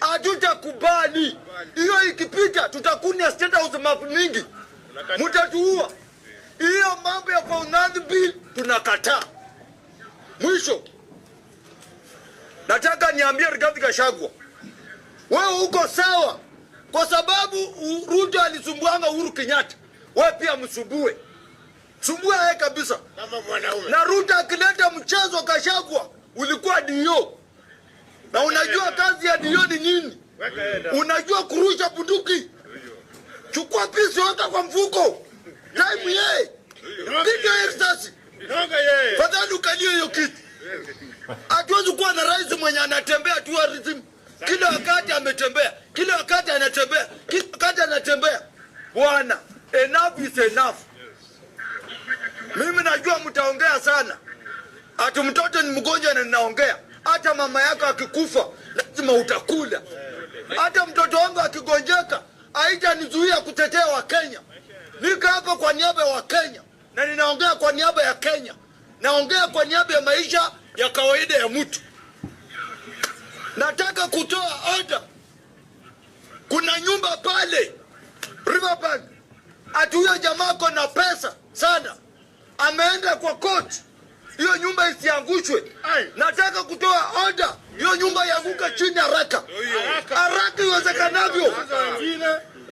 hatutakubali hiyo. Ikipita tutakunia state house map mingi, mutatuua. Hiyo mambo ya Founadh Bill tunakataa. Mwisho nataka niambie rigadhi kashagwa wewe uko sawa kwa sababu Ruto alisumbwanga Uhuru Kenyatta, wewe pia msumbue, sumbua yeye kabisa. Na Ruto akileta mchezo kashagwa ulikuwa dio na unajua kazi ya dio ni nini? Unajua kurusha bunduki, chukua pisi, weka kwa mfuko, time ye piga ekstasi, fadhali ukalie hiyo kitu. Hatuwezi kuwa na rais mwenye anatembea tu tourism kila wakati, ametembea kila wakati, anatembea kila wakati, anatembea. Bwana, enough is enough. Mimi najua mtaongea sana, ati mtoto ni mgonjwa na ninaongea hata mama yako akikufa lazima utakula. Hata mtoto wangu akigonjeka haitanizuia kutetea Wakenya. Niko hapa kwa niaba ya Wakenya na ninaongea kwa niaba ya Kenya, naongea kwa niaba ya maisha ya kawaida ya mtu. Nataka kutoa oda. Kuna nyumba pale Riverbank, ati jamaa ako na pesa sana, ameenda kwa koti hiyo nyumba isiangushwe. Nataka kutoa oda hiyo nyumba ianguka chini haraka haraka iwezekanavyo.